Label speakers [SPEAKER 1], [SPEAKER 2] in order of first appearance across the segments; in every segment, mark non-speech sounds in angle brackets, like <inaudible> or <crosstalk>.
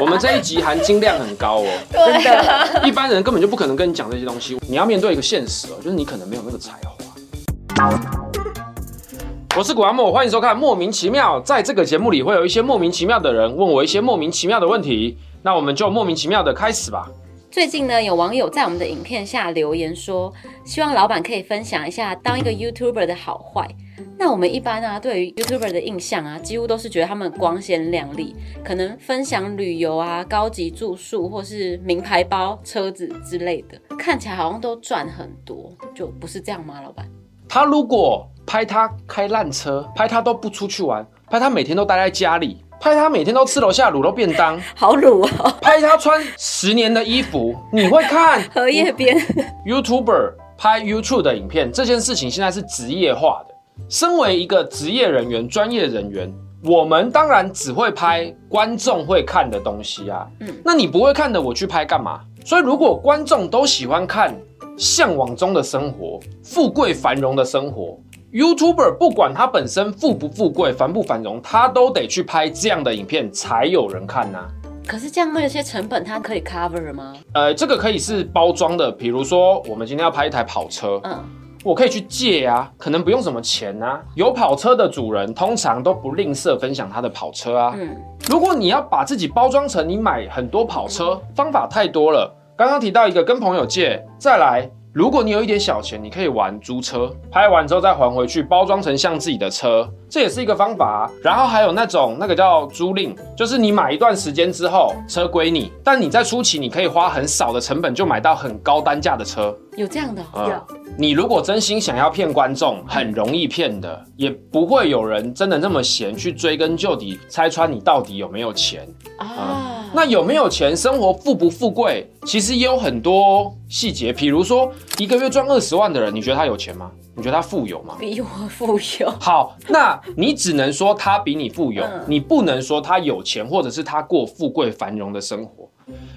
[SPEAKER 1] 我們這一集含金量很高哦，真的，一般人根本就不可能跟你講這些東西。你要面對一個現實哦，就是你可能沒有那個才華。我是谷阿莫，歡迎收看《莫名其妙》。在這個節目裡，會有一些莫名其妙的人問我一些莫名其妙的問題，那我們就莫名其妙的開始吧。
[SPEAKER 2] 最近呢，有網友在我們的影片下留言說，希望老板可以分享一下當一個 YouTuber 的好壞。那我們一般啊，對於 YouTuber 的印象啊，幾乎都是覺得他們光鮮亮麗，可能分享旅遊啊、高級住宿或是名牌包、車子之類的，看起來好像都賺很多，就不是這樣嗎，老闆？
[SPEAKER 1] 他如果拍他開爛車，拍他都不出去玩，拍他每天都待在家裡，拍他每天都吃樓下滷肉便當，好滷哦、喔，拍他穿十年的衣服，你會看荷葉邊？YouTuber 拍 YouTube 的影片這件事情，現在是職業化的。身為一個職業人員、專業人員，我們當然只會拍觀眾會看的東西啊。嗯，那你不會看的，我去拍幹嘛？所以如果觀眾都喜歡看向往中的生活、富貴繁榮的生活，YouTuber 不管他本身富不富貴、繁不繁榮，他都得去拍這樣的影片才有人看啊。
[SPEAKER 2] 可是這樣那些成本，他可以 cover 嗎？
[SPEAKER 1] 呃，這個可以是包裝的，比如說我們今天要拍一台跑車，嗯。我可以去借啊，可能不用什麼錢啊。有跑車的主人通常都不吝嗇分享他的跑車啊。嗯，如果你要把自己包裝成你買很多跑車，方法太多了。剛剛提到一個跟朋友借，再來，如果你有一點小錢，你可以玩租車，拍完之後再還回去，包裝成像自己的車，這也是一個方法啊。然後還有那種那個叫租賃，就是你買一段時間之後車歸你，但你在初期你可以花很少的成本就買到很高單價的車。
[SPEAKER 2] 有這樣的，有、嗯。
[SPEAKER 1] 你如果真心想要騙觀眾，很容易騙的，也不會有人真的那麼閒去追根究底，拆穿你到底有沒有錢啊、嗯？那有沒有錢，生活富不富貴，其實也有很多細節。比如說，一個月賺二十萬的人，你覺得他有錢嗎？你覺得他富有嗎？比我富有。好，那你只能說他比你富有，嗯、你不能說他有錢，或者是他過富貴繁榮的生活。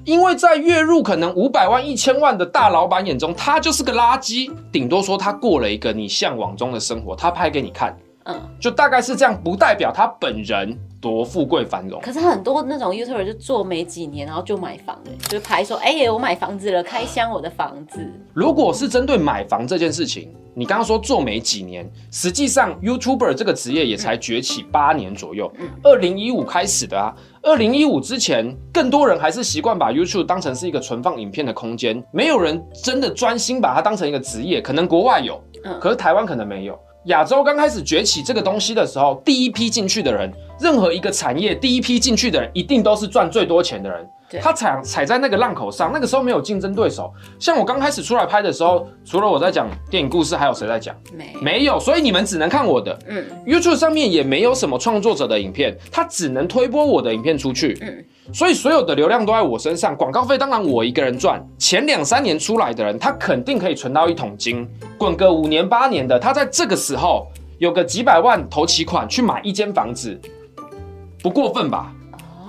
[SPEAKER 1] 因為在月入可能五百萬、一千萬的大老闆眼中，他就是個垃圾，頂多說他過了一個你嚮往中的生活，他拍給你看。嗯，就大概是這樣，不代表他本人多富貴繁榮。可是
[SPEAKER 2] 很多那種 YouTuber 就做沒幾年，然後就買房、欸，哎，就拍說，哎、欸，我買房子了，開箱我的房子。
[SPEAKER 1] 如果是針對買房這件事情，你剛剛說做沒幾年，實際上 YouTuber 這個職業也才崛起八年左右，二零一五開始的啊。二零一五之前，更多人還是習慣把 YouTube 當成是一個存放影片的空間，沒有人真的專心把它當成一個職業。可能國外有，嗯、可是台灣可能沒有。亞洲剛開始崛起這個東西的時候，第一批進去的人，任何一個產業第一批進去的人，一定都是賺最多錢的人。對，他踩踩在那個浪口上，那個時候沒有競爭對手。像我剛開始出來拍的時候，除了我在講電影故事，還有誰在講？沒，沒有。所以你們只能看我的。嗯，YouTube 上面也沒有什麼創作者的影片，他只能推播我的影片出去。嗯。所以所有的流量都在我身上，廣告費當然我一個人賺。前兩三年出來的人，他肯定可以存到一桶金，滾個五年八年的，他在這個時候有個幾百萬頭期款去買一間房子，不過分吧？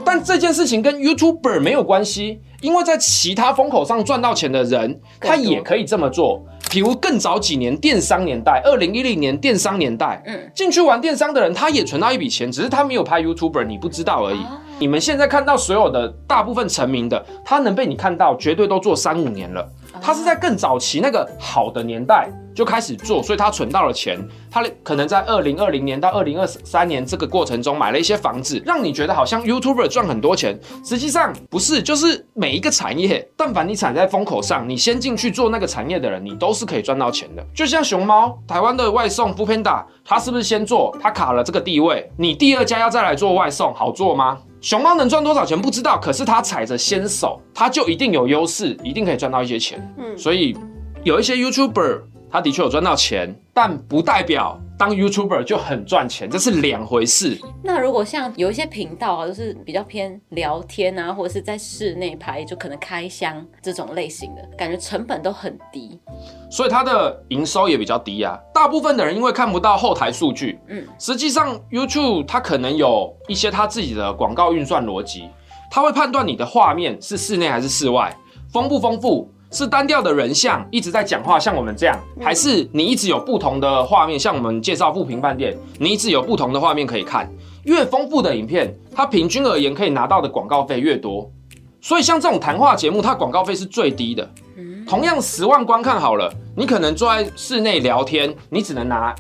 [SPEAKER 1] 但這件事情跟 YouTuber 沒有關係，因為在其他風口上賺到錢的人，他也可以這麼做。比如更早幾年電商年代，二零一零年電商年代，進去玩電商的人，他也存到一筆錢，只是他沒有拍 YouTuber，你不知道而已。你們現在看到所有的大部分成名的，他能被你看到，絕對都做三五年了。他是在更早期那個好的年代就開始做，所以他存到了錢。他可能在二零二零年到二零二三年這個過程中買了一些房子，讓你覺得好像 YouTuber 賺很多錢，實際上不是。就是每一個產業，但凡你踩在風口上，你先進去做那個產業的人，你都是可以賺到錢的。就像熊貓、台灣的外送、Foodpanda，他是不是先做，他卡了這個地位，你第二家要再來做外送，好做嗎？熊貓能賺多少錢不知道，可是他踩着先手，他就一定有優勢，一定可以賺到一些錢。嗯，所以有一些 YouTuber，他的確有賺到錢，但不代表。當 YouTuber 就很賺錢，這是兩回事。
[SPEAKER 2] 那如果像有一些頻道啊，就是比較偏聊天啊，或者是在室內拍，就可能開箱這種類型的，感覺成本都很低，
[SPEAKER 1] 所以它的營收也比較低啊。大部分的人因為看不到後台數據，嗯，實際上 YouTube 它可能有一些它自己的廣告運算邏輯，它會判斷你的畫面是室內還是室外，豐不豐富。是單調的人像一直在講話，像我們這樣，還是你一直有不同的畫面？像我們介紹富平飯店，你一直有不同的畫面可以看。越豐富的影片，它平均而言可以拿到的廣告費越多。所以像這種談話節目，它廣告費是最低的。同樣十萬觀看好了，你可能坐在室內聊天，你只能拿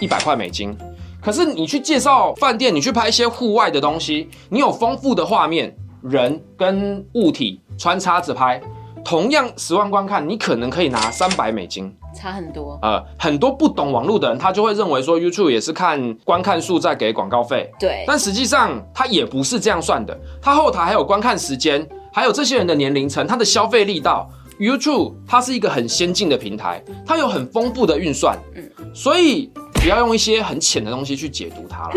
[SPEAKER 1] 一百塊美金。可是你去介紹飯店，你去拍一些戶外的東西，你有豐富的畫面，人跟物體穿插着拍。同樣十萬觀看，你可能可以拿三百美金，
[SPEAKER 2] 差很多。
[SPEAKER 1] 呃，很多不懂網絡的人，他就會認為說，YouTube 也是看觀看數再給廣告費。對，但實際上它也不是這樣算的，它後台還有觀看時間，還有這些人的年齡層，它的消費力道。YouTube 它是一個很先進的平台，它有很豐富的運算。嗯，所以。不要用一些很淺的東西去解
[SPEAKER 2] 讀它了。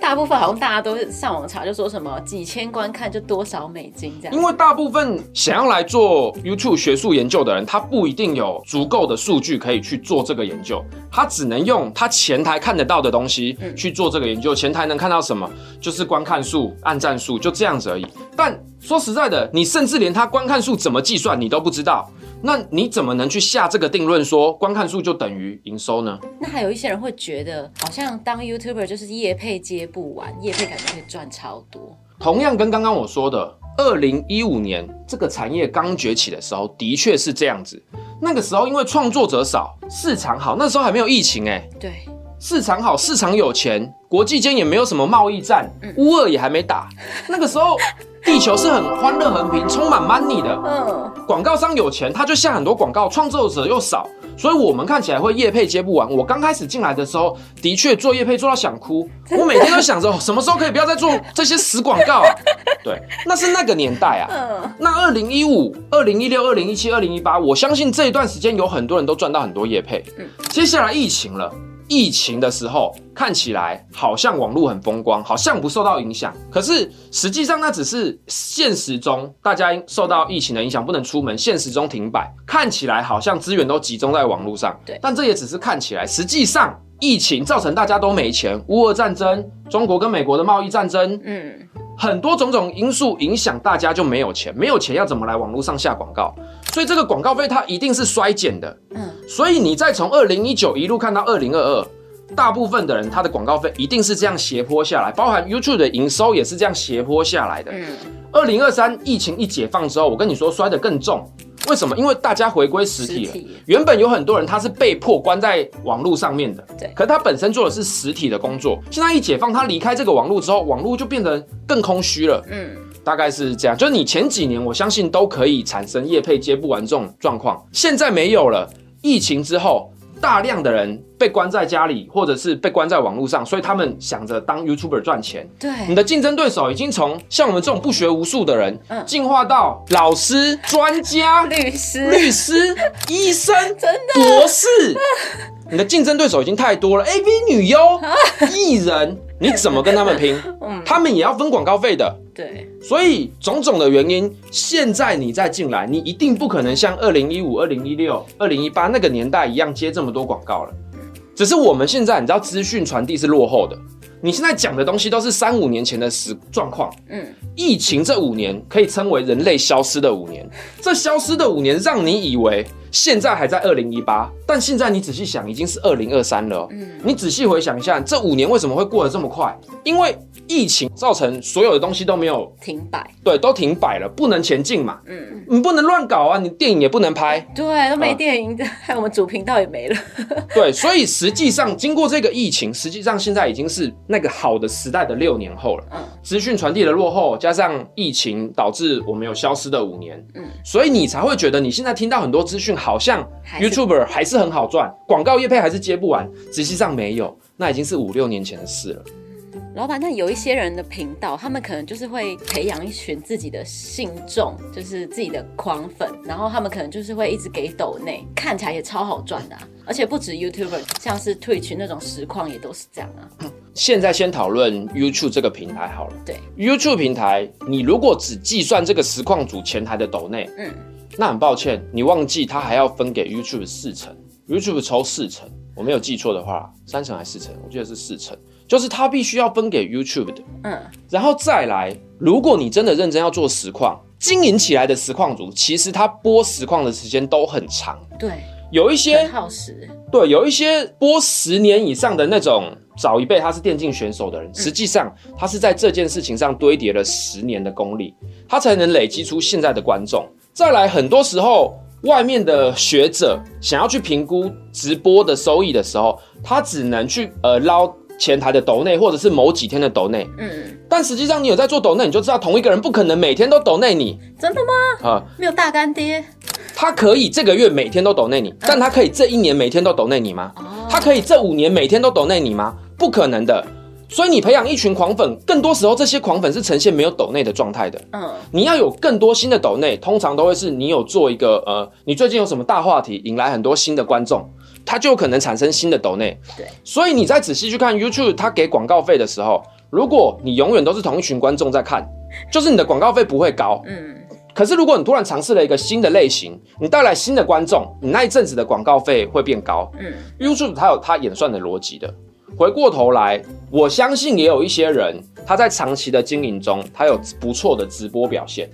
[SPEAKER 2] 大部分好像大家都上網查，就說什麼幾千觀看就多少美金這樣。因
[SPEAKER 1] 為大部分想要來做 YouTube 學術研究的人，他不一定有足夠的數據可以去做這個研究，他只能用他前台看得到的東西去做這個研究。前台能看到什麼，就是觀看數、按讚數，就這樣子而已。但說實在的，你甚至連他觀看數怎麼計算你都不知道。那你怎麼能去下這個定論說觀看數就等於營收呢？
[SPEAKER 2] 那還有一些人會覺得，好像當 YouTuber 就是業配接不完，業配感覺會賺超多。
[SPEAKER 1] 同樣跟剛剛我說的，二零一五年這個產業剛崛起的時候，的確是這樣子。那個時候因為創作者少，市場好，那時候還沒有疫情誒、欸。對。市場好，市場有錢，國際間也沒有什麼貿易戰，嗯、烏俄也還沒打。那個時候，地球是很歡樂橫平，充滿 money 的。嗯、哦，廣告商有錢，他就下很多廣告，創作者又少，所以我們看起來會業配接不完。我剛開始進來的時候，的確做業配做到想哭，我每天都想着、哦、什麼時候可以不要再做這些死廣告、啊。對，那是那個年代啊。那二零一五、二零一六、二零一七、二零一八，我相信這一段時間有很多人都賺到很多業配。嗯，接下來疫情了。疫情的時候看起來好像網絡很風光，好像不受到影響。可是實際上，那只是現實中大家受到疫情的影響，不能出門，現實中停擺，看起來好像資源都集中在網絡上。對，但這也只是看起來。實際上，疫情造成大家都沒錢，烏俄戰爭，中國跟美國的貿易戰爭，嗯，很多種種因素影響，大家就沒有錢，沒有錢要怎麼來網絡上下廣告？所以這個廣告費它一定是衰減的，所以你再從二零一九一路看到二零二二，大部分的人他的廣告費一定是這樣斜坡下來，包含 YouTube 的營收也是這樣斜坡下來的，二零二三疫情一解放之後，我跟你說摔得更重，為什麼？因為大家回歸實體了，原本有很多人他是被迫關在網絡上面的，可是他本身做的是實體的工作，現在一解放，他離開這個網絡之後，網絡就變得更空虛了，大概是這樣，就是你前幾年，我相信都可以產生業配接不完這種狀況，現在沒有了。疫情之後，大量的人被關在家裡，或者是被關在網絡上，所以他們想着當 YouTuber 賺錢。對，你的競爭對手已經從像我們這種不學無術的人，嗯，進化到老師、專家、律師、律師、 <laughs> 醫生、真的博士。 <laughs> 你的競爭對手已經太多了，AV 女優、藝人，你怎麼跟他們拼？ <laughs> 他們也要分廣告費的。對。所以種種的原因，現在你再進來，你一定不可能像二零一五、二零一六、二零一八那個年代一樣接這麼多廣告了。只是我們現在，你知道，資訊傳遞是落後的。你現在講的東西都是三五年前的實狀況。嗯，疫情這五年，可以稱為人類消失的五年。這消失的五年，讓你以為。現在還在二零一八，但現在你仔細想，已經是二零二三了。嗯，你仔細回想一下，這五年為什麼會過得這麼快？因為疫情造成所有的東西都沒有停擺，對，都停擺了，不能前進嘛。嗯，你不能亂搞啊，你電影也不能拍，
[SPEAKER 2] 欸、對，都沒電影的，嗯、還有，我們主頻道也沒了。
[SPEAKER 1] 對，所以實際上經過這個疫情，實際上現在已經是那個好的時代的六年後了。嗯，資訊傳遞的落後，加上疫情導致我們有消失的五年。嗯，所以你才會覺得你現在聽到很多資訊，好像 YouTuber 還是很好賺，廣告業配還是接不完，實際上沒有，那已經是五六年前的事
[SPEAKER 2] 了。老板，那有一些人的頻道，他們可能就是會培養一群自己的信眾，就是自己的狂粉，然後他們可能就是會一直給鬥內，看起來也超好賺的啊，而且不止 YouTuber，像是 Twitch 那種實況也都是這樣啊。
[SPEAKER 1] 現在先討論 YouTube 這個平台好了。嗯、對，YouTube 平台，你如果只計算這個實況主前台的鬥內，嗯。那很抱歉，你忘記他還要分給 YouTube 四成，YouTube 抽四成。我沒有記錯的話，三成還是四成，我記得是四成，就是他必須要分給 YouTube 的。嗯，然後再來，如果你真的認真要做實況，經營起來的實況主，其實他播實況的時間都很長。對，有一
[SPEAKER 3] 些很耗時。
[SPEAKER 1] 對，有一些播十年以上的那種早一輩，他是電競選手的人，嗯，實際上他是在這件事情上堆疊了十年的功力，他才能累積出現在的觀眾。再來，很多時候，外面的學者想要去評估直播的收益的時候，他只能去呃撈前台的抖內，或者是某幾天的抖內。嗯，但實際上，你有在做抖內，你就知道同一個人不可能每天都抖內你。
[SPEAKER 2] 真的嗎？啊、呃，沒有大乾爹，
[SPEAKER 1] 他可以這個月每天都抖內你，但他可以這一年每天都抖內你嗎、啊？他可以這五年每天都抖內你嗎？不可能的。所以你培養一群狂粉，更多時候，這些狂粉是呈現沒有抖內的狀態的。嗯、oh，你要有更多新的抖內，通常都會是你有做一個呃，你最近有什麼大話題引來很多新的觀眾，它就有可能產生新的抖內。對，所以你再仔細去看 YouTube，它給廣告費的時候，如果你永遠都是同一群觀眾在看，就是你的廣告費不會高。嗯，可是如果你突然嘗試了一個新的類型，你帶來新的觀眾，你那一陣子的廣告費會變高。嗯，YouTube 它有它演算的邏輯的。回過頭來，我相信也有一些人，他在長期的經營中，他有不錯的直播表現，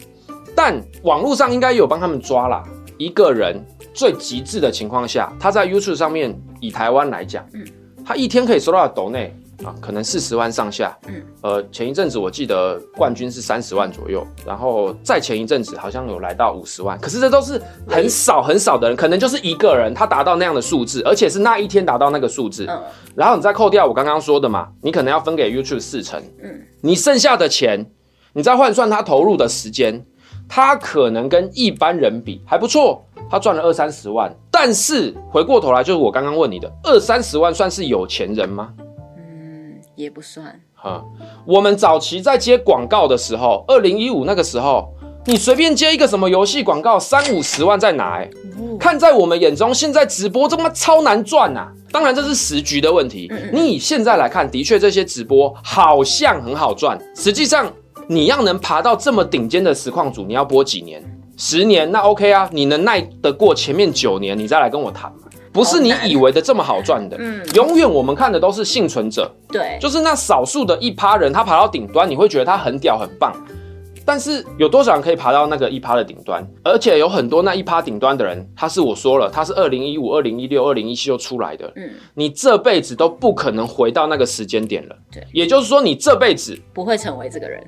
[SPEAKER 1] 但網絡上應該也有幫他們抓啦，一個人最極致的情況下，他在 YouTube 上面，以台灣來講，他一天可以收到的抖內。啊，可能四十萬上下。嗯，呃，前一陣子我記得冠軍是三十萬左右，然後再前一陣子好像有來到五十萬。可是這都是很少很少的人，可能就是一個人他達到那樣的數字，而且是那一天達到那個數字。嗯，然後你再扣掉我剛剛說的嘛，你可能要分給 YouTube 四成。嗯，你剩下的錢，你再換算他投入的時間，他可能跟一般人比還不錯，他賺了二三十萬。但是回過頭來，就是我剛剛問你的，二三十萬算是有錢人嗎？也不算哈。我們早期在接廣告的時候，二零一五那個時候，你隨便接一個什麼遊戲廣告，三五十萬在拿，欸哦。看在我們眼中，現在直播這麼超難賺吶，啊。當然這是時局的問題。你以現在來看，的確這些直播好像很好賺。實際上你要能爬到這麼頂尖的實況主，你要播幾年？十年？那 OK 啊，你能耐得過前面九年，你再來跟我談。不是你以為的這麼好賺的好。嗯，永遠我們看的都是幸存者，對，就是那少數的一趴人，他爬到頂端，你會覺得他很屌很棒，但是有多少人可以爬到那個一趴的頂端？而且有很多那一趴頂端的人，他是我說了，他是二零一五、二零一六、二零一七就出來的，嗯，你這輩子都不可能回到那個時間點了，對，也就是說你這輩子
[SPEAKER 3] 不會成為這個人，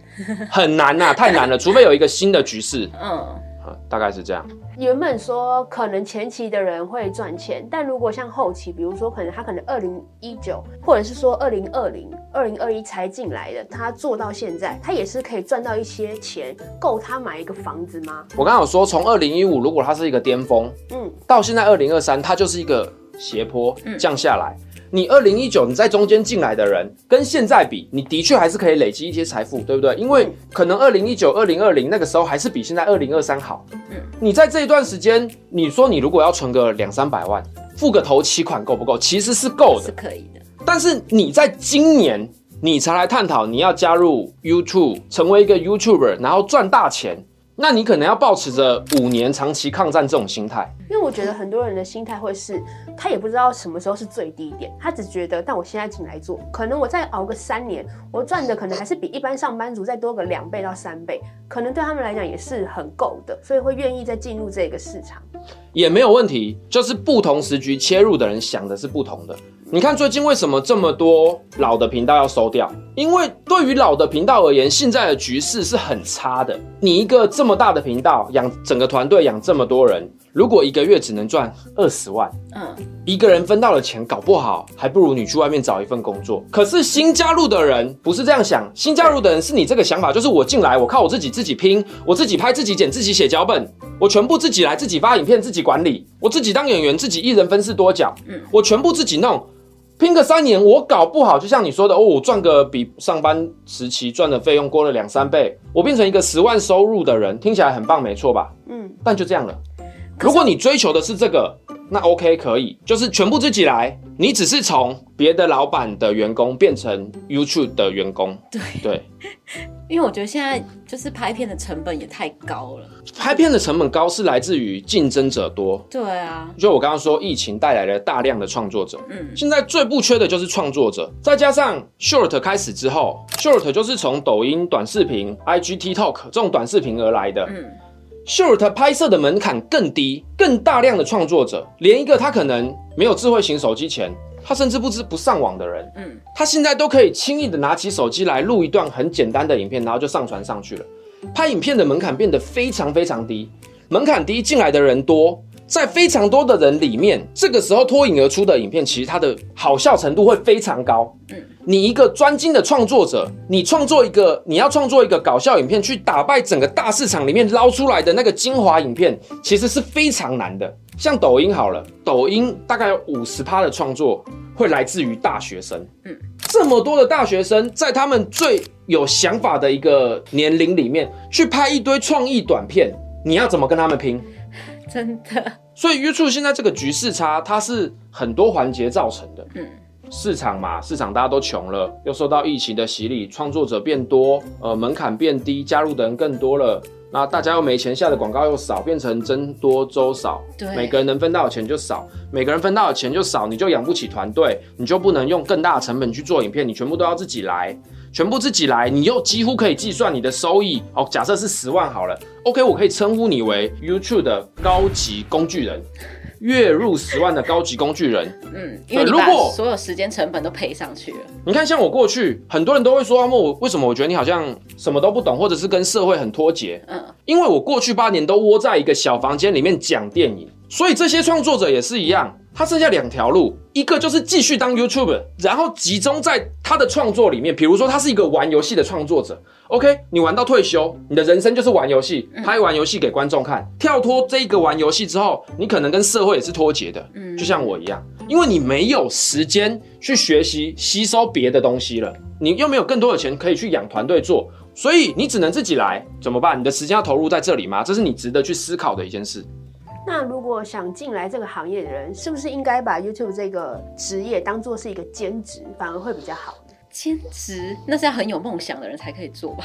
[SPEAKER 1] 很難吶、啊，太難了， <laughs> 除非有一個新的局勢，嗯。大概是這樣。
[SPEAKER 3] 原本說可能前期的人會賺錢，但如果像後期，比如說可能他可能二零一九或者是說二零二零、二零二一才進來的，他做到現在，他也是可以賺到一些錢，夠他買一個房子嗎？我剛剛
[SPEAKER 1] 有說，從二零一五如果它是一個巔峰，嗯，到現在二零二三，它就是一個斜坡，嗯，降下來。你二零一九你在中間進來的人跟現在比，你的確還是可以累積一些財富，對不對？因為可能二零一九、二零二零那個時候還是比現在二零二三好。嗯，你在這一段時間，你說你如果要存個兩三百萬，付個頭期款夠不夠？其實是夠的，是可以的。但是你在今年，你才來探討你要加入 YouTube，成為一個 YouTuber，然後賺大錢。那你可能要抱持着五年長期抗戰這種心態，
[SPEAKER 3] 因為我覺得很多人的心態會是，他也不知道什麼時候是最低點，他只覺得，但我現在進來做，可能我再熬個三年，我賺的可能還是比一般上班族再多個兩倍到三倍，可能對他們來講也是很夠的，所以會願意再進入這個市場。
[SPEAKER 1] 也沒有問題，就是不同時局切入的人想的是不同的。你看最近為什麼這麼多老的頻道要收掉？因為對於老的頻道而言，現在的局勢是很差的。你一個這麼大的頻道，養整個團隊，養這麼多人。如果一個月只能賺二十萬，嗯，uh，一個人分到了錢，搞不好還不如你去外面找一份工作。可是新加入的人不是這樣想，新加入的人是你這個想法，就是我進來，我靠我自己自己拼，我自己拍，自己剪，自己寫腳本，我全部自己來，自己發影片，自己管理，我自己當演員，自己一人分飾多角，嗯，我全部自己弄，拼個三年，我搞不好就像你說的，哦，我賺個比上班時期賺的費用多了兩三倍，我變成一個十萬收入的人，聽起來很棒，沒錯吧？
[SPEAKER 3] 嗯，
[SPEAKER 1] 但就這樣了。如果你追求的是這個，那 OK 可以，就是全部自己來，你只是從別的老闆的員工變成 YouTube 的員工。對對，
[SPEAKER 2] 因為我覺得現在就是拍片的成本也太高了。
[SPEAKER 1] 拍片的成本高是來自於競爭者多。
[SPEAKER 2] 對啊，
[SPEAKER 1] 就我剛剛說，疫情帶來了大量的創作者。嗯，現在最不缺的就是創作者，再加上 Short 開始之後，Short 就是從抖音短視頻、IG、TikTok 這種短視頻而來的。嗯。Short 拍攝的門檻更低，更大量的創作者，連一個他可能沒有智慧型手機前，他甚至不知不上網的人，嗯，他現在都可以輕易的拿起手機來錄一段很簡單的影片，然後就上傳上去了。拍影片的門檻變得非常非常低，門檻低，進來的人多。在非常多的人裡面，這個時候脫穎而出的影片，其實它的好笑程度會非常高。嗯，你一個專精的創作者，你創作一個，你要創作一個搞笑影片去打敗整個大市場裡面撈出來的那個精華影片，其實是非常難的。像抖音好了，抖音大概有五十趴的創作會來自於大學生。嗯，這麼多的大學生在他們最有想法的一個年齡裡面去拍一堆創意短片，你要怎麼跟他們拼？真的，所以 YouTube 現在這個局勢差，它是很多環節造成的。嗯，市場嘛，市場大家都窮了，又受到疫情的洗禮，創作者變多，呃，門檻變低，加入的人更多了。那大家又沒錢下的廣告又少，變成僧多粥少，對，每個人能分到的錢就少，每個人分到的錢就少，你就養不起團隊，你就不能用更大的成本去做影片，你全部都要自己來。全部自己來，你又幾乎可以計算你的收益。哦，假設是十萬好了。OK，我可以稱呼你為 YouTube 的高級工具人，月入十萬的高級工具人。
[SPEAKER 2] 嗯，因為如果，所有時間成本都賠上去了。
[SPEAKER 1] 你看，像我過去，很多人都會說阿莫，為什麼我覺得你好像什麼都不懂，或者是跟社會很脫節？嗯，因為我過去八年都窩在一個小房間裡面講電影。所以這些創作者也是一樣，他剩下兩條路，一個就是繼續當 YouTuber，然後集中在他的創作裡面。比如說，他是一個玩遊戲的創作者，OK，你玩到退休，你的人生就是玩遊戲，拍玩遊戲給觀眾看。跳脫這一個玩遊戲之後，你可能跟社會也是脫節的，嗯，就像我一樣，因為你沒有時間去學習、吸收別的東西了，你又沒有更多的錢可以去養團隊做，所以你只能自己來，怎麼辦？你的時間要投入在這裡嗎？這是你值得去思考的一件事。
[SPEAKER 3] 那如果想進來這個行業的人，是不是應該把 YouTube 這個職業當做是一個兼職，反而會比較好呢？兼職，那是要很有夢想的人才可以做吧。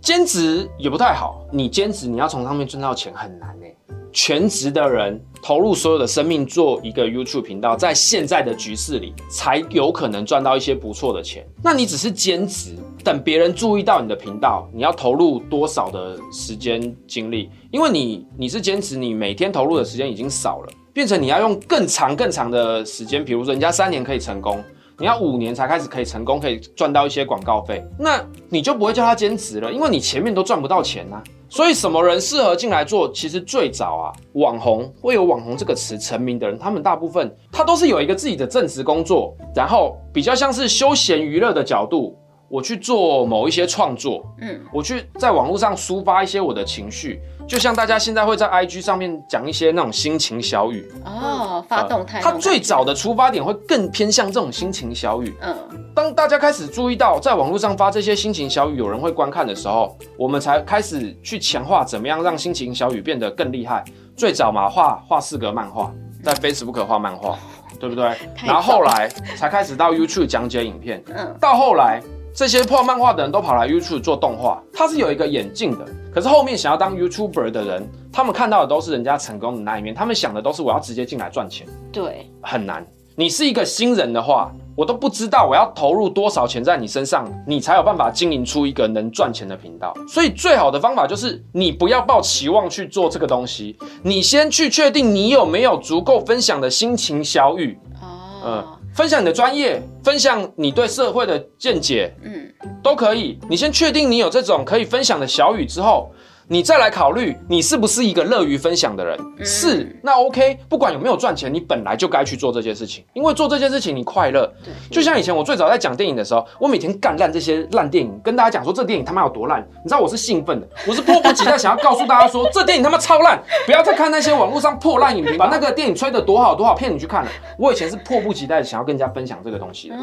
[SPEAKER 1] 兼職也不太好，你兼職你要從上面賺到錢很難呢，欸。全職的人投入所有的生命做一個 YouTube 頻道，在現在的局勢裡才有可能賺到一些不錯的錢。那你只是兼職，等別人注意到你的頻道，你要投入多少的時間精力？因為你你是兼職，你每天投入的時間已經少了，變成你要用更長更長的時間。比如說人家三年可以成功，你要五年才開始可以成功，可以賺到一些廣告費，那你就不會叫他兼職了，因為你前面都賺不到錢吶。所以，什麼人適合進來做？其實最早啊，網紅會有“網紅”這個詞成名的人，他們大部分他都是有一個自己的正職工作，然後比較像是休閒娛樂的角度。我去做某一些創作，嗯，我去在網絡上抒發一些我的情緒，就像大家現在會在 I G 上面講一些那種心情小語，哦，
[SPEAKER 2] 發動態、呃。它最
[SPEAKER 1] 早的出發點會更偏向這種心情小語，嗯。當大家開始注意到在網絡上發這些心情小語，有人會觀看的時候，嗯、我們才開始去強化怎麼樣讓心情小語變得更厲害。最早嘛，畫畫四格漫畫、嗯，在 Facebook 可畫漫畫、嗯，對不對？然後後來才開始到 YouTube 講解影片，嗯，到後來。這些破漫畫的人都跑來 YouTube 做動畫，他是有一個眼鏡的。可是後面想要當 YouTuber 的人，他們看到的都是人家成功的那一面，他們想的都是我要直接進來賺錢。對，很難。你是一個新人的話，我都不知道我要投入多少錢在你身上，你才有辦法經營出一個能賺錢的頻道。所以最好的方法就是你不要抱期望去做這個東西，你先去確定你有沒有足夠分享的心情遇。小、oh. 雨、嗯，哦，分享你的專業，分享你對社會的見解，嗯，都可以。你先確定你有這種可以分享的小語之後。你再來考慮，你是不是一個樂於分享的人？嗯。是，那 OK，不管有沒有賺錢，你本來就該去做這些事情，因為做這些事情你快樂。對，就像以前我最早在講電影的時候，我每天幹爛這些爛電影，跟大家講說這電影他媽有多爛。你知道我是興奮的，我是迫不及待想要告訴大家說 <laughs> 這電影他媽超爛，不要再看那些網絡上破爛影評， <laughs> 你把那個電影吹得多好多好，騙你去看了。我以前是迫不及待想要跟人家分享這個東西的。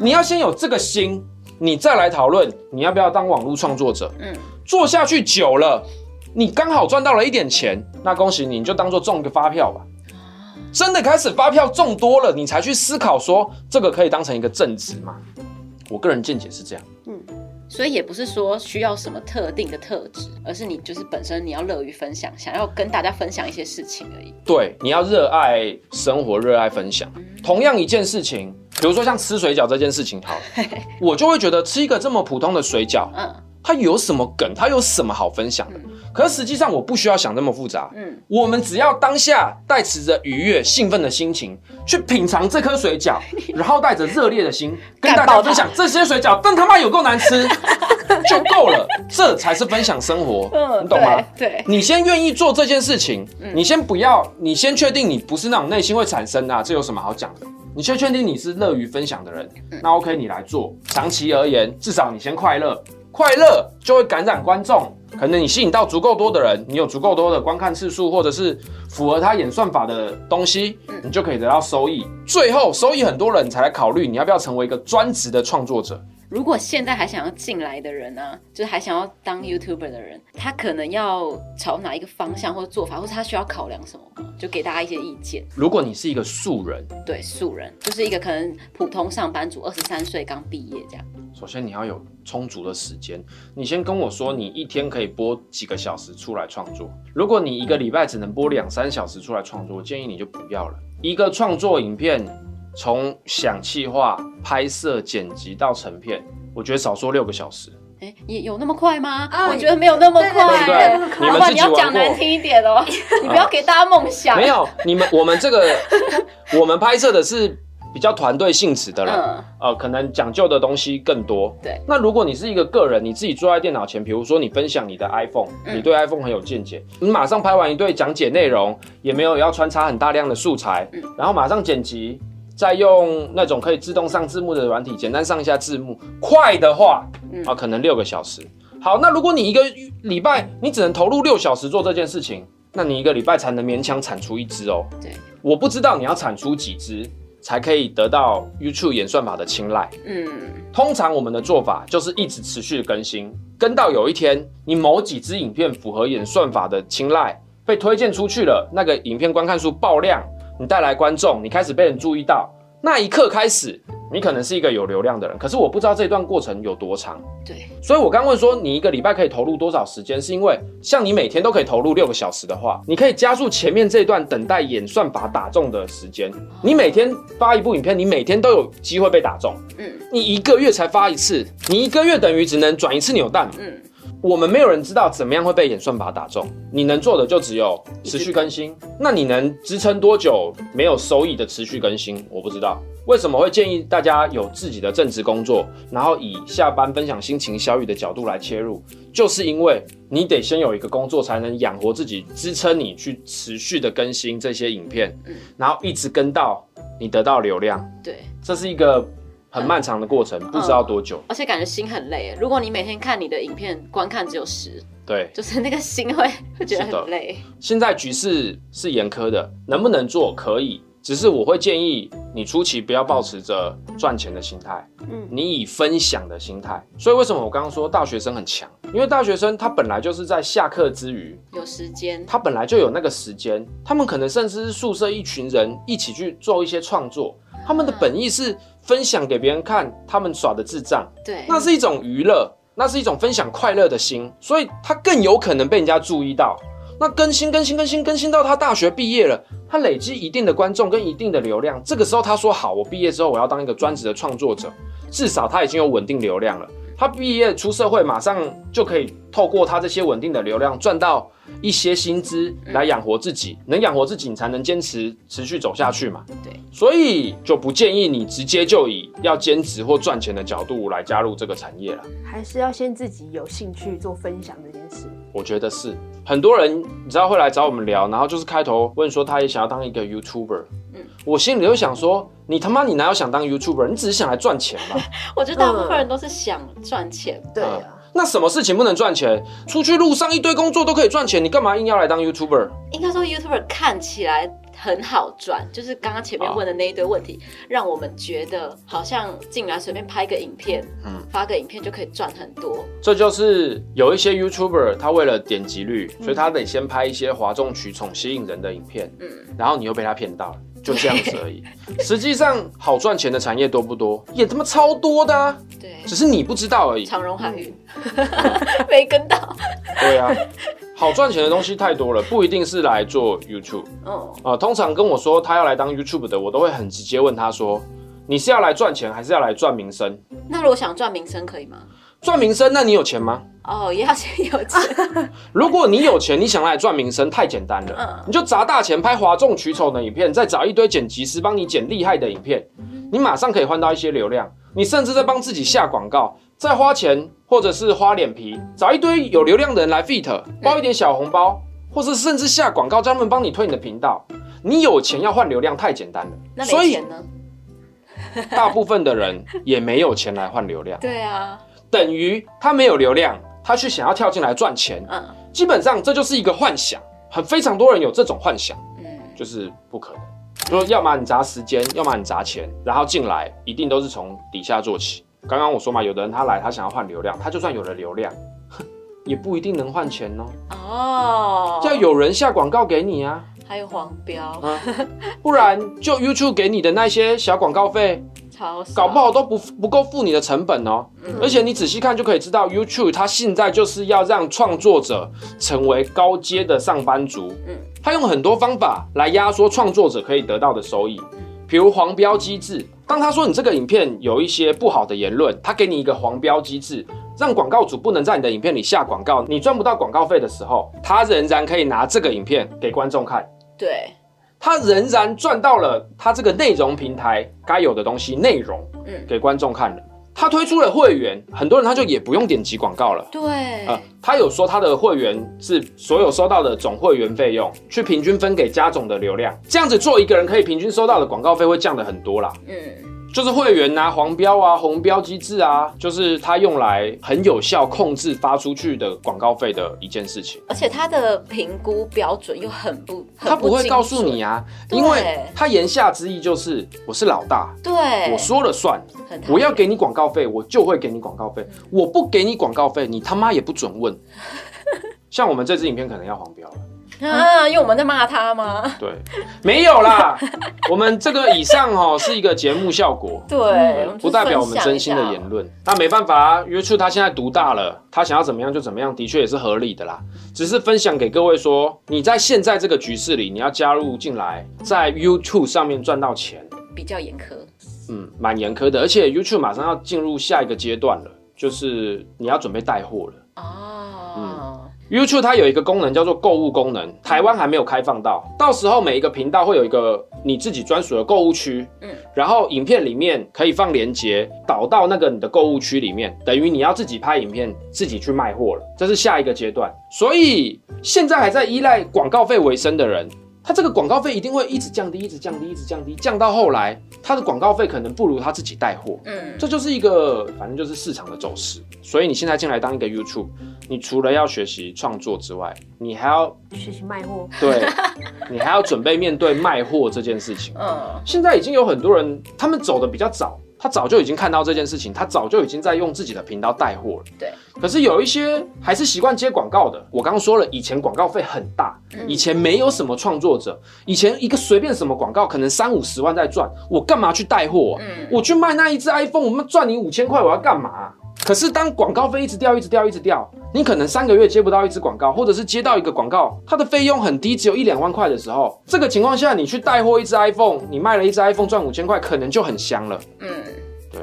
[SPEAKER 1] 你要先有這個心，你再來討論你要不要當網絡創作者。嗯。做下去久了，你剛好賺到了一點錢，那恭喜你，你就當做中一個發票吧。真的開始發票中多了，你才去思考說這個可以當成一個正職嗎？我個人見解是這樣。
[SPEAKER 2] 嗯，所以也不是說需要什麼特定的特質，而是你就是本身你要樂於分享，想要跟大家分享一些事情而已。
[SPEAKER 1] 對，你要熱愛生活，熱愛分享、嗯。同樣一件事情，比如說像吃水餃這件事情，好， <laughs> 我就會覺得吃一個這麼普通的水餃，嗯。他有什麼梗？他有什麼好分享的？嗯、可是實際上，我不需要想那麼複雜。嗯，我們只要當下帶持着愉悅、興奮的心情、嗯、去品嘗這顆水餃，然後帶着熱烈的心跟大家分享這些水餃，真 <laughs> 他媽有夠難吃，
[SPEAKER 2] <laughs> 就夠了。
[SPEAKER 1] 這才是分享生活。嗯，你懂嗎？對，你先願意做這件事情，你先不要，你先確定你不是那種內心會產生啊，這有什麼好講的？你先確定你是樂於分享的人、嗯，那 OK，你來做。長期而言，至少你先快樂。快樂就會感染觀眾，可能你吸引到足夠多的人，你有足夠多的觀看次數，或者是符合他演算法的東西、嗯，你就可以得到收益。最後，收益很多人才來考慮你要不要成為一個專職的創作者。
[SPEAKER 2] 如果現在還想要進來的人呢、啊，就是還想要當 YouTuber 的人，他可能要朝哪一個方向或者做法，或者他需要考量什麼，就給大家一些意見。
[SPEAKER 1] 如果你是一個素人，
[SPEAKER 2] 對，素人，就是一個可能普通上班族，二十三歲剛畢業這樣。
[SPEAKER 1] 首先你要有充足的時間，你先跟我說你一天可以播幾個小時出來創作。如果你一個禮拜只能播兩三小時出來創作，我建議你就不要了。一個創作影片，從想企劃、拍攝、剪輯到成片，我覺得少說六個小時。哎、
[SPEAKER 2] 欸，有有那麼快嗎、啊？我覺得沒有那麼快。對對對，你們你要講難聽一點哦， <laughs> 你不要給大家夢想、啊。沒有，
[SPEAKER 1] 你們我們這個 <laughs> 我們拍攝的是。比較團隊性質的人，uh, 呃，可能講究的東西更多。對，那如果你是一個個人，你自己坐在電腦前，比如說你分享你的 iPhone、嗯、你對 iPhone 很有見解，你馬上拍完一對講解內容、嗯，也沒有也要穿插很大量的素材、嗯，然後馬上剪輯，再用那種可以自動上字幕的軟體，簡單上一下字幕，快的話，啊、嗯呃，可能六個小時。好，那如果你一個禮拜你只能投入六小時做這件事情，那你一個禮拜才能勉強產出一支哦。對，我不知道你要產出幾支。才可以得到 YouTube 演算法的青睞。嗯，通常我們的做法就是一直持續更新，跟到有一天你某幾支影片符合演算法的青睞，被推薦出去了，那個影片觀看數爆量，你帶來觀眾，你開始被人注意到。那一刻開始，你可能是一個有流量的人，可是我不知道這一段過程有多長。對，所以我剛問說，你一個禮拜可以投入多少時間，是因為像你每天都可以投入六個小時的話，你可以加速前面這一段等待演算法打中的時間。你每天發一部影片，你每天都有機會被打中。嗯，你一個月才發一次，你一個月等於只能轉一次扭蛋。嗯。我們沒有人知道怎麼樣會被演算法打中，你能做的就只有持續更新。那你能支撐多久沒有收益的持續更新？我不知道。為什麼會建議大家有自己的正職工作，然後以下班分享心情小語的角度來切入？就是因為你得先有一個工作，才能養活自己，支撐你去持續的更新這些影片。然後一直跟到你得到流量。對，這是一個。很漫長的過程、嗯，不知道多久，
[SPEAKER 2] 而且感覺心很累。如果你每天看你的影片觀看只有十，
[SPEAKER 1] 對，就是
[SPEAKER 2] 那個心會會覺得很累。
[SPEAKER 1] 現在局勢是嚴苛的，能不能做可以，只是我會建議你初期不要抱持着賺錢的心態，嗯，你以分享的心態。所以為什麼我剛剛說大學生很強？因為大學生他本來就是在下課之餘
[SPEAKER 2] 有時間，他
[SPEAKER 1] 本來就有那個時間，他們可能甚至是宿舍一群人一起去做一些創作。他們的本意是分享給別人看他們耍的智障，對，那是一種娛樂，那是一種分享快樂的心，所以他更有可能被人家注意到。那更新更新更新更新到他大學畢業了，他累積一定的觀眾跟一定的流量，這個時候他說好，我畢業之後我要當一個專職的創作者，至少他已經有穩定流量了。他畢業出社會，馬上就可以透過他這些穩定的流量賺到一些薪資來養活自己，能養活自己你才能堅持持續走下去嘛？對，所以就不建議你直接就以要兼職或賺錢的角度來加入這個產業了，
[SPEAKER 3] 還是要先自己有興趣做分享這件事。
[SPEAKER 1] 我覺得是，很多人你知道會來找我們聊，然後就是開頭問說他也想要當一個 YouTuber，嗯，我心裡就想說。你他媽，你哪有想當 YouTuber？你只是想來賺錢嘛。
[SPEAKER 2] <laughs> 我覺得大部分人都是想賺錢，嗯。對
[SPEAKER 1] 啊。那什麼事情不能賺錢？出去路上一堆工作都可以賺錢，你幹嘛硬要來當 YouTuber？
[SPEAKER 2] 應該說 YouTuber 看起來很好賺，就是剛剛前面問的那一堆問題，哦、讓我們覺得好像進來隨便拍一個影片，嗯，發個影片就可以賺很多。
[SPEAKER 1] 這就是有一些 YouTuber 他為了點擊率、嗯，所以他得先拍一些嘩眾取寵、吸引人的影片，嗯，然後你又被他騙到了。就這樣子而已。Yeah. 實際上，好賺錢的產業多不多？也、yeah, 他媽超多的、啊。對，只是你不知道而已。長
[SPEAKER 2] 榮海運沒跟到。對啊，
[SPEAKER 1] 好賺錢的東西太多了，不一定是來做 YouTube。Oh. 呃、通常跟我說他要來當 YouTube 的，我都會很直接問他說：“你是要來賺錢，還是要來賺名聲？”
[SPEAKER 2] 那如果想賺名聲，可以嗎？
[SPEAKER 1] 賺名聲？那你有錢嗎？
[SPEAKER 2] 哦、oh，要錢有錢 <laughs> 。
[SPEAKER 1] 如果你有錢，你想來賺名聲，太簡單了。嗯，你就砸大錢拍嘩眾取寵的影片，再找一堆剪輯師幫你剪厲害的影片，你馬上可以換到一些流量。你甚至在幫自己下廣告，再花錢或者是花臉皮找一堆有流量的人來 fit，包一點小紅包，或者甚至下廣告專門幫你推你的頻道。你有錢要換流量太簡單了。所以呢，大部分的人也沒有錢來換流量。 <laughs> 對啊。等於他沒有流量，他去想要跳進來賺錢，嗯，基本上這就是一個幻想，很非常多人有這種幻想，嗯，就是不可能，就是、說要麼你砸時間，要麼你砸錢，然後進來一定都是從底下做起。剛剛我說嘛，有的人他來，他想要換流量，他就算有了流量，哼，也不一定能換錢哦、喔。
[SPEAKER 2] 哦，叫
[SPEAKER 1] 有人下廣告給你啊。還有黃標、啊， <laughs> 不然就 YouTube 給你的那些小廣告費，超少，搞不好都不不夠付你的成本哦，喔嗯。而且你仔細看就可以知道，YouTube 它現在就是要讓創作者成為高階的上班族。他，嗯、它用很多方法來壓縮創作者可以得到的收益，比如黃標機制。當他說你這個影片有一些不好的言論，他給你一個黃標機制，讓廣告主不能在你的影片裡下廣告，你賺不到廣告費的時候，他仍然可以拿這個影片給觀眾看。
[SPEAKER 2] 對，
[SPEAKER 1] 他仍然賺到了他這個內容平台該有的東西，內容，嗯，給觀眾看了。他推出了會員，很多人他就也不用點擊廣告了。對，呃，他有說他的會員是所有收到的總會員費用去平均分給加總的流量，這樣子做，一個人可以平均收到的廣告費會降的很多啦。嗯。就是會員啊，黃標啊，紅標機制啊，就是它用來很有效控制發出去的廣告費的一件事情。
[SPEAKER 2] 而且它的評估標準又很不，很不，他不會告訴你啊，因為
[SPEAKER 1] 他言下之意就是我是老大，
[SPEAKER 2] 對，我說了算，我要給
[SPEAKER 1] 你廣告費，我就會給你廣告費。嗯，我不給你廣告費，你他媽也不准問。 <laughs> 像我們這支影片可能要黃標了。
[SPEAKER 2] 啊，因為我們在罵他嗎？
[SPEAKER 1] 對，沒有啦， <laughs> 我們這個以上哦、喔、是一個節目效果，
[SPEAKER 2] 對、嗯，不代表我們真
[SPEAKER 1] 心的言論。那沒辦法，YouTube 他現在獨大了，他想要怎麼樣就怎麼樣的確也是合理的啦。只是分享給各位說，你在現在這個局勢裡，你要加入進來，在 YouTube 上面賺到錢，嗯、
[SPEAKER 2] 比較嚴苛，
[SPEAKER 1] 嗯，蠻嚴苛的。而且 YouTube 馬上要進入下一個階段了，就是你要準備帶貨了。哦、啊，嗯。YouTube 它有一個功能叫做購物功能，台灣還沒有開放到，到時候每一個頻道會有一個你自己專屬的購物區，嗯，然後影片裡面可以放鏈接，導到那個你的購物區裡面，等於你要自己拍影片，自己去賣貨了，這是下一個階段。所以現在還在依賴廣告費為生的人，他這個廣告費一定會一直降低，一直降低，一直降低，降到後來他的廣告費可能不如他自己帶貨，嗯，這就是一個反正就是市場的走勢。所以你現在進來當一個 YouTube。你除了要學習創作之外，你還要學
[SPEAKER 3] 習賣貨。對，
[SPEAKER 1] <laughs> 你還要準備面對賣貨這件事情啊。嗯，現在已經有很多人，他們走的比較早，他早就已經看到這件事情，他早就已經在用自己的頻道帶貨了。對。可是有一些還是習慣接廣告的。我剛說了，以前廣告費很大，嗯，以前沒有什麼創作者，以前一個隨便什麼廣告可能三五十萬在賺，我幹嘛去帶貨啊？嗯，我去賣那一支 iPhone，我們賺你五千塊，我要幹嘛啊？可是，當廣告費一直掉、一直掉、一直掉，你可能三個月接不到一支廣告，或者是接到一個廣告，它的費用很低，只有一兩萬塊的時候，這個情況下，你去帶貨一支 iPhone，你賣了一支 iPhone 賺五千塊，可能就很香
[SPEAKER 3] 了。嗯，
[SPEAKER 1] 對，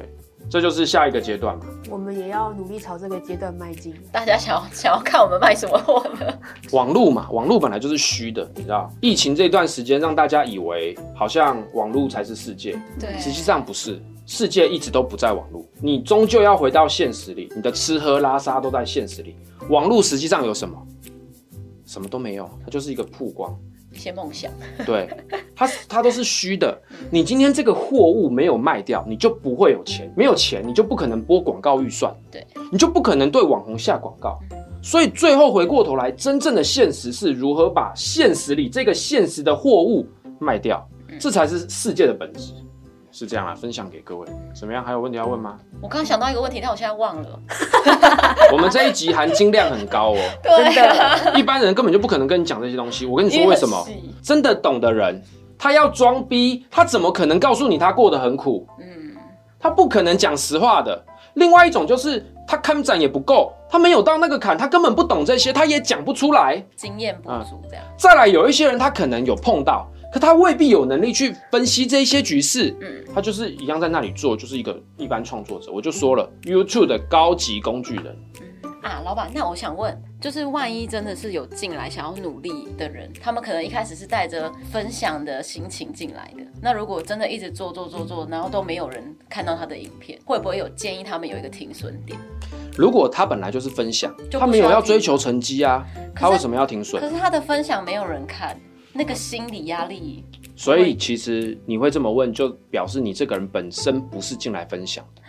[SPEAKER 1] 這就是下一個階段嘛。
[SPEAKER 3] 我們也要努力朝這個階段邁進。大家想要想要看我們賣什麼
[SPEAKER 1] 貨呢？網路嘛，網路本來就是虛的，你知道，疫情這段時間讓大家以為好像網路才是世界，嗯、對，實際上不是。世界一直都不在網絡，你終究要回到現實裡，你的吃喝拉撒都在現實裡。網絡實際上有什麼？什麼都沒有，它就是一個曝光，
[SPEAKER 2] 一些夢想，
[SPEAKER 1] 對 <laughs> 它它都是虛的。你今天這個貨物沒有賣掉，你就不會有錢，沒有錢你就不可能播廣告預算，對，你就不可能對網紅下廣告。所以最後回過頭來，真正的現實是如何把現實裡這個現實的貨物賣掉，這才是世界的本質。嗯。是這樣啊，分享給各位怎麼樣？還有問題要問嗎？我剛
[SPEAKER 2] 剛想到一個問題，但我現在忘了。
[SPEAKER 1] <laughs> <laughs> <laughs> 我們這一集含金量很高哦，對，真的， <laughs> 一般人根本就不可能跟你講這些東西。我跟你說為什麼？真的懂的人，他要裝逼，他怎麼可能告訴你他過得很苦？嗯，他不可能講實話的。另外一種就是他看展也不夠，他沒有到那個坎，他根本不懂這些，他也講不出來。
[SPEAKER 2] 經驗不足這樣，
[SPEAKER 1] 嗯。再來，有一些人他可能有碰到。可他未必有能力去分析這些局勢，嗯，他就是一樣在那裡做，就是一個一般創作者。我就說了，嗯，YouTube 的高級工具人。
[SPEAKER 2] 啊，老板，那我想問，就是萬一真的是有進來想要努力的人，他們可能一開始是帶着分享的心情進來的。那如果真的一直做做做做，然後都沒有人看到他的影片，會不會有建議他們有一個停損點？
[SPEAKER 1] 如果他本來就是分享，他沒有要追求成績啊，他為什麼要停損？可是
[SPEAKER 2] 他的分享沒有人看。那個心理壓力，嗯，
[SPEAKER 1] 所以其實你會這麼問，就表示你這個人本身不是進來分享的，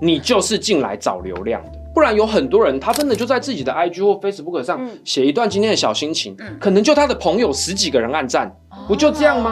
[SPEAKER 1] 你就是進來找流量的。不然有很多人，他真的就在自己的 IG 或 Facebook 上寫一段今天的小心情，嗯，可能就他的朋友十幾個人按讚。不就這樣嗎？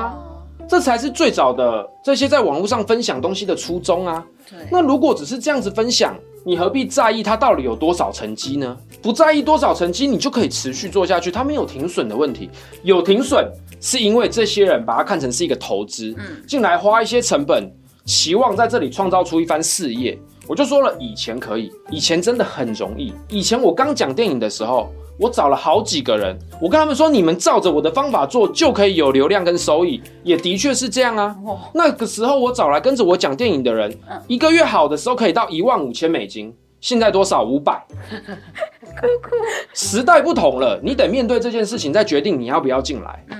[SPEAKER 1] 哦、這才是最早的這些在網絡上分享東西的初衷啊。那如果只是這樣子分享，你何必在意它到底有多少成績呢？不在意多少成績，你就可以持續做下去。它沒有停損的問題，有停損是因為這些人把它看成是一個投資，嗯，進來花一些成本，期望在這裡創造出一番事業。我就說了，以前可以，以前真的很容易。以前我剛講電影的時候，我找了好幾個人，我跟他們說，你們照着我的方法做，就可以有流量跟收益，也的確是這樣啊。那個時候我找來跟着我講電影的人，一個月好的時候可以到一萬五千美金，現在多少？五百。哭哭。時代不同了，你得面對這件事情，再決定你要不要進來。嗯。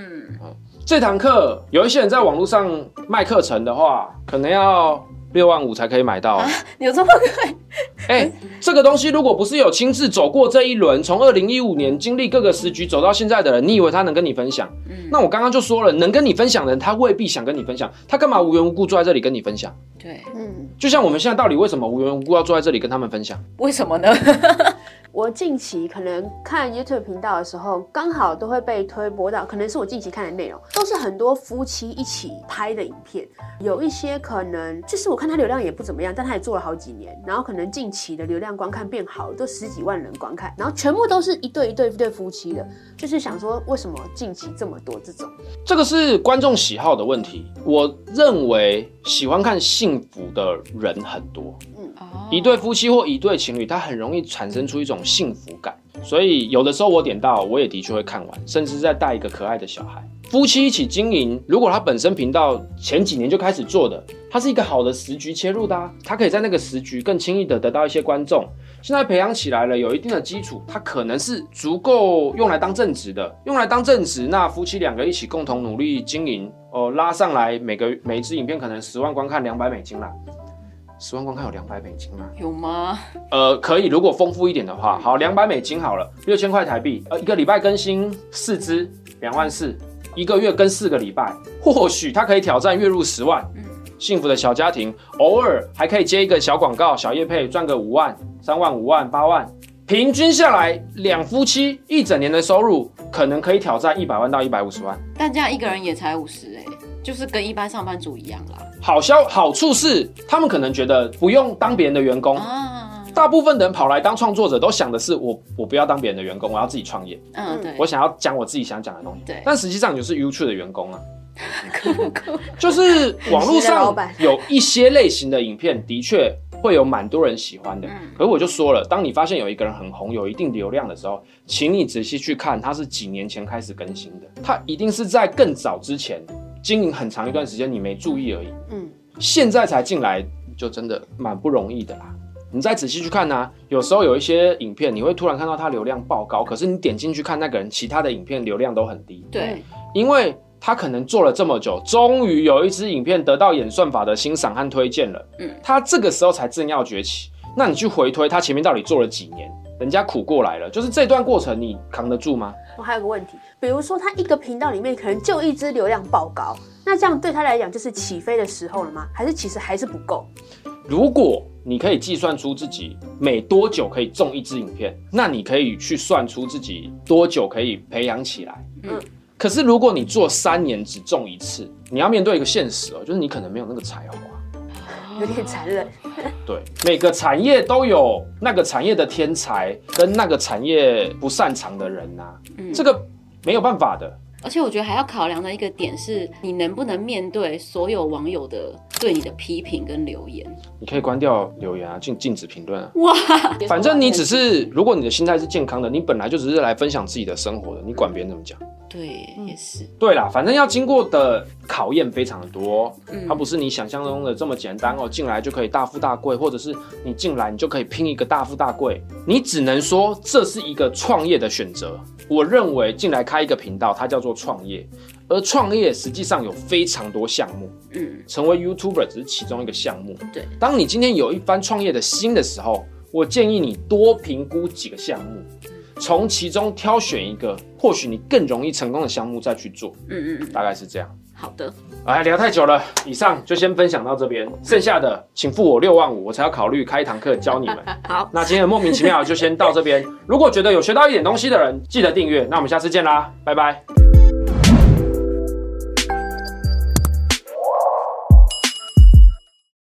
[SPEAKER 1] 這堂課有一些人在網路上賣課程的話，可能要。六萬五才可以買到、喔，啊、
[SPEAKER 3] 你有這麼貴？哎、
[SPEAKER 1] 欸，這個東西如果不是有親自走過這一輪，從二零一五年經歷各個時局走到現在的人，你以為他能跟你分享？嗯，那我剛剛就說了，能跟你分享的人，他未必想跟你分享，他幹嘛無緣無故坐在這裡跟你分享？
[SPEAKER 3] 對，
[SPEAKER 1] 嗯，就像我們現在到底為什麼無緣無故要坐在這裡跟他們分享？
[SPEAKER 3] 為什麼呢？ <laughs> 我近期可能看 YouTube 頻道的時候，剛好都會被推播到，可能是我近期看的內容，都是很多夫妻一起拍的影片，有一些可能就是我看他流量也不怎麼樣，但他也做了好幾年，然後可能近期的流量觀看變好了，都十幾萬人觀看，然後全部都是一對一對一對夫妻的，就是想說為什麼近期這麼多這種？
[SPEAKER 1] 這個是觀眾喜好的問題，我認為喜歡看幸福的人很多。Oh. 一對夫妻或一對情侶，他很容易產生出一種幸福感，所以有的時候我點到，我也的確會看完，甚至是在帶一個可愛的小孩，夫妻一起經營。如果他本身頻道前幾年就開始做的，它是一個好的時局切入的，啊，他可以在那個時局更輕易的得到一些觀眾。現在培養起來了，有一定的基礎，它可能是足夠用來當正職的。用來當正職，那夫妻兩個一起共同努力經營，哦、呃，拉上來每個每一支影片可能十萬觀看兩百美金啦。十萬光看有兩百美金嗎？有嗎？呃，可以，如果豐富一點的話，好，兩百美金好了，六千塊台幣。呃，一個禮拜更新四支，兩萬四，一個月更四個禮拜，或許他可以挑戰月入十萬、嗯。幸福的小家庭，偶爾還可以接一個小廣告，小業配賺個五萬、三萬、五萬、八萬，平均下來，兩夫妻一整年的收入可能可以挑戰一百萬到一百五十萬、嗯。
[SPEAKER 2] 但這樣一個人也才五十哎。就是跟一般上班族一樣啦。
[SPEAKER 1] 好消好處是，他們可能覺得不用當別人的員工。啊、大部分的人跑來當創作者，都想的是我我不要當別人的員工，我要自己創業。嗯，對。我想要講我自己想講的東西。對。但實際上你就是 YouTube 的員工啊。 <laughs> 就是網絡上有一些類型的影片，的確會有蠻多人喜歡的。嗯、可可我就說了，當你發現有一個人很紅，有一定流量的時候，請你仔細去看，他是幾年前開始更新的。他一定是在更早之前。經營很長一段時間，你沒注意而已。嗯，現在才進來就真的蠻不容易的啦。你再仔細去看呢、啊，有時候有一些影片，你會突然看到它流量爆高，可是你點進去看那個人其他的影片流量都很低。對，因為他可能做了這麼久，終於有一支影片得到演算法的欣賞和推薦了。嗯，他這個時候才正要崛起。那你去回推他前面到底做了幾年？人家苦過來了，就是這段過程你扛得住嗎？
[SPEAKER 3] 我還有個問題，比如說他一個頻道裡面可能就一支流量爆高，那這樣對他來講就是起飛的時候了嗎？還是其實還是不夠？
[SPEAKER 1] 如果你可以計算出自己每多久可以中一支影片，那你可以去算出自己多久可以培養起來。嗯，可是如果你做三年只中一次，你要面對一個現實哦，就是你可能沒有那個才華。
[SPEAKER 3] 有點殘忍，oh. 對，
[SPEAKER 1] 對每個產業都有那個產業的天才，跟那個產業不擅長的人吶，啊，這個沒有辦法的。
[SPEAKER 2] 而且我覺得還要考量的一個點是，你能不能面對所有網友的對你的批評跟留言？
[SPEAKER 1] 你可以關掉留言啊，禁禁止評論啊。
[SPEAKER 2] 哇，反正你只是，
[SPEAKER 1] 如果你的心態是健康的，你本來就只是來分享自己的生活的，你管別人怎麼講？
[SPEAKER 2] 對，嗯，也是。
[SPEAKER 1] 對啦，反正要經過的考驗非常的多，它不是你想象中的這麼簡單哦。進來就可以大富大貴，或者是你進來你就可以拼一個大富大貴，你只能說這是一個創業的選擇。我認為進來開一個頻道，它叫做。創業，而創業實際上有非常多項目，嗯，成為 YouTuber 只是其中一個項目。對，當你今天有一番創業的心的時候，我建議你多評估幾個項目，從其中挑選一個或許你更容易成功的項目再去做。嗯嗯，大概是這樣。好的，哎，聊太久了，以上就先分享到這邊，剩下的請付我六萬五，我才要考慮開一堂課教你
[SPEAKER 3] 們。 <laughs> 好，那今天很莫名其妙
[SPEAKER 1] 就先到這邊。 <laughs> 如果覺得有學到一點東西的人，記得訂閱。那我們下次見啦，拜拜。